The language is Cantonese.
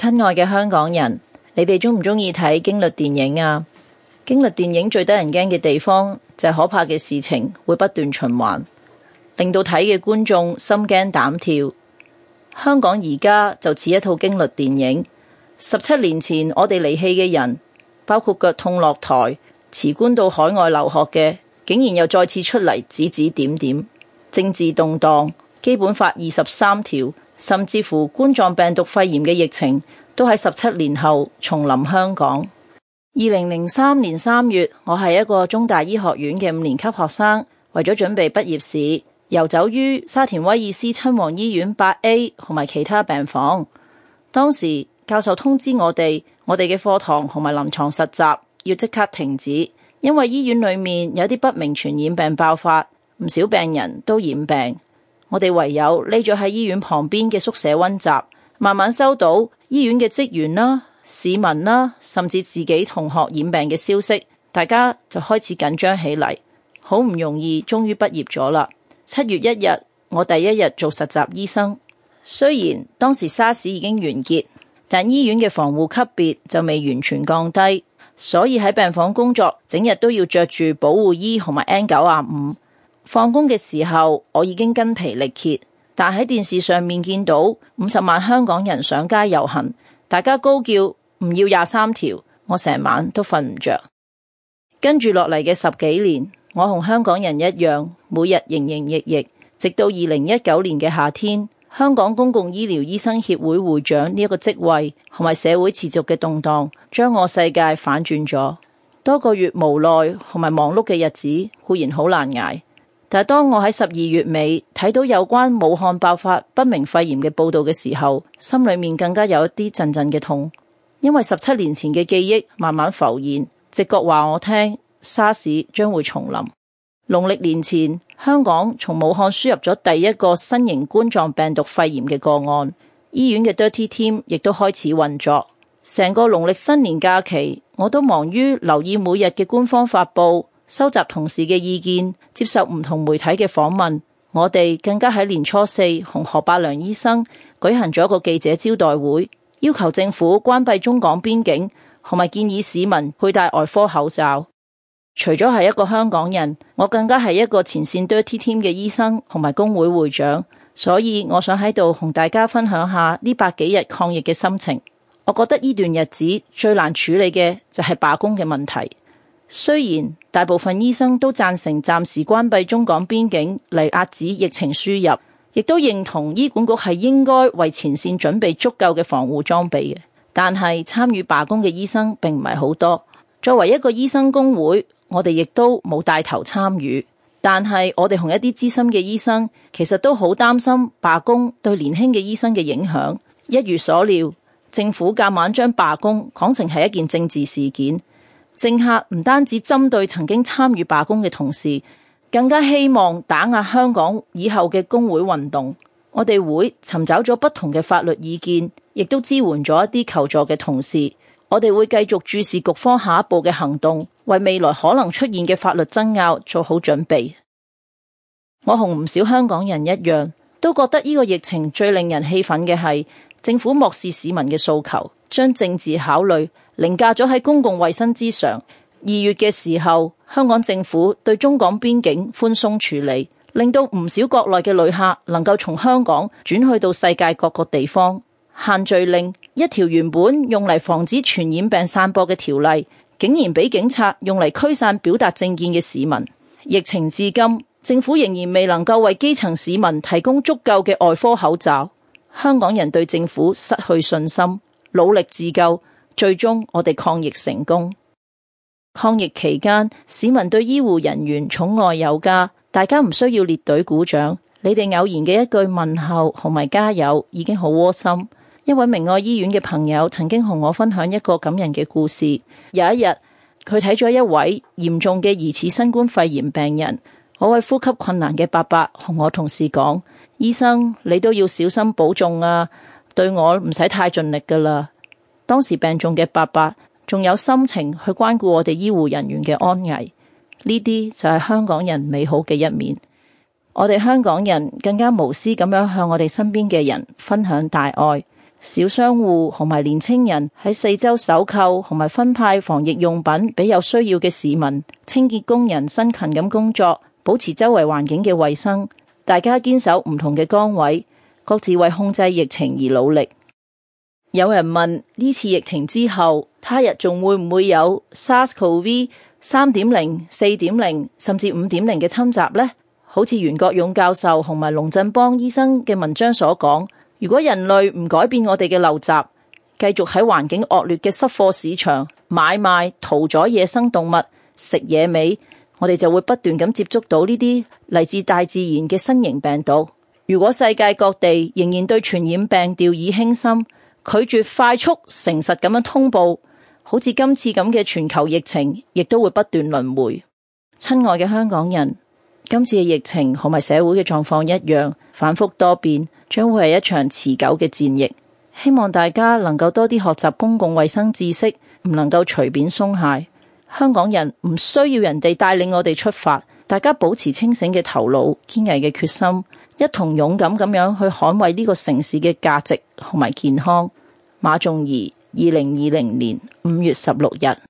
親愛嘅香港人，你哋鍾唔鍾意睇驚慄電影啊？驚慄電影最得人驚嘅地方就係、是、可怕嘅事情會不斷循環，令到睇嘅觀眾心驚膽跳。香港而家就似一套驚慄電影。十七年前我哋離棄嘅人，包括腳痛落台、辭官到海外留學嘅，竟然又再次出嚟指指點點。政治動盪，基本法二十三條。甚至乎冠狀病毒肺炎嘅疫情都喺十七年後重臨香港。二零零三年三月，我係一個中大醫學院嘅五年級學生，為咗準備畢業試，遊走於沙田威爾斯親王醫院八 A 同埋其他病房。當時教授通知我哋，我哋嘅課堂同埋臨床實習要即刻停止，因為醫院裏面有啲不明傳染病爆發，唔少病人都染病。我哋唯有匿咗喺醫院旁邊嘅宿舍溫習，慢慢收到醫院嘅職員啦、市民啦，甚至自己同學染病嘅消息，大家就開始緊張起嚟。好唔容易，終於畢業咗啦！七月一日，我第一日做實習醫生，雖然當時沙士已經完結，但醫院嘅防護級別就未完全降低，所以喺病房工作，整日都要着住保護衣同埋 N95。放工嘅時候，我已經筋疲力竭，但喺電視上面見到五十萬香港人上街遊行，大家高叫唔要廿三條，我成晚都瞓唔着。跟住落嚟嘅十幾年，我同香港人一樣，每日營營役役，直到二零一九年嘅夏天，香港公共醫療醫生協會會長呢一個職位同埋社會持續嘅動盪，將我世界反轉咗。多個月無奈同埋忙碌嘅日子固然好難捱。但係，當我喺十二月尾睇到有關武漢爆發不明肺炎嘅報道嘅時候，心裏面更加有一啲陣陣嘅痛，因為十七年前嘅記憶慢慢浮現，直覺話我聽沙士 r s 將會重臨。農曆年前，香港從武漢輸入咗第一個新型冠狀病毒肺炎嘅個案，醫院嘅 dirty team 亦都開始運作。成個農曆新年假期，我都忙於留意每日嘅官方發布。收集同事嘅意見，接受唔同媒體嘅訪問。我哋更加喺年初四同何栢良醫生舉行咗一個記者招待會，要求政府關閉中港邊境，同埋建議市民去戴外科口罩。除咗係一個香港人，我更加係一個前線 dirty team 嘅醫生同埋工會會長，所以我想喺度同大家分享下呢百幾日抗疫嘅心情。我覺得呢段日子最難處理嘅就係罷工嘅問題。雖然大部分醫生都贊成暫時關閉中港邊境嚟遏止疫情輸入，亦都認同醫管局係應該為前綫準備足夠嘅防護裝備嘅，但係參與罷工嘅醫生並唔係好多。作為一個醫生工會，我哋亦都冇帶頭參與。但係我哋同一啲資深嘅醫生，其實都好擔心罷工對年輕嘅醫生嘅影響。一如所料，政府夾硬將罷工講成係一件政治事件。政客唔單止針對曾經參與罷工嘅同事，更加希望打壓香港以後嘅工會運動。我哋會尋找咗不同嘅法律意見，亦都支援咗一啲求助嘅同事。我哋會繼續注視局方下一步嘅行動，為未來可能出現嘅法律爭拗做好準備。我同唔少香港人一樣，都覺得呢個疫情最令人氣憤嘅係政府漠視市民嘅訴求，將政治考慮。凌駕咗喺公共衛生之上。二月嘅時候，香港政府對中港邊境寬鬆處理，令到唔少國內嘅旅客能夠從香港轉去到世界各個地方。限聚令，一條原本用嚟防止傳染病散播嘅條例，竟然俾警察用嚟驅散表達政見嘅市民。疫情至今，政府仍然未能夠為基層市民提供足夠嘅外科口罩。香港人對政府失去信心，努力自救。最終我哋抗疫成功。抗疫期間，市民對醫護人員寵愛有加，大家唔需要列隊鼓掌。你哋偶然嘅一句問候同埋加油，已經好窩心。一位明愛醫院嘅朋友曾經同我分享一個感人嘅故事。有一日，佢睇咗一位嚴重嘅疑似新冠肺炎病人，我位呼吸困難嘅伯伯，同我同事講：醫生，你都要小心保重啊！對我唔使太盡力噶啦。當時病重嘅伯伯仲有心情去關顧我哋醫護人員嘅安危，呢啲就係香港人美好嘅一面。我哋香港人更加無私咁樣向我哋身邊嘅人分享大愛，小商戶同埋年青人喺四周搜購同埋分派防疫用品俾有需要嘅市民，清潔工人辛勤咁工作，保持周圍環境嘅衛生，大家堅守唔同嘅崗位，各自為控制疫情而努力。有人問呢次疫情之後，他日仲會唔會有 SARS-CoV 三點零、四點零甚至五點零嘅侵襲呢？好似袁國勇教授同埋龍振邦醫生嘅文章所講，如果人類唔改變我哋嘅陋習，繼續喺環境惡劣嘅濕貨市場買賣、屠宰野生動物、食野味，我哋就會不斷咁接觸到呢啲嚟自大自然嘅新型病毒。如果世界各地仍然對傳染病掉以輕心，拒絕快速、誠實咁樣通報，好似今次咁嘅全球疫情，亦都會不斷輪迴。親愛嘅香港人，今次嘅疫情同埋社會嘅狀況一樣，反復多變，將會係一場持久嘅戰役。希望大家能夠多啲學習公共衛生知識，唔能夠隨便鬆懈。香港人唔需要人哋帶領我哋出發，大家保持清醒嘅頭腦、堅毅嘅決心，一同勇敢咁樣去捍衛呢個城市嘅價值同埋健康。馬仲儀，二零二零年五月十六日。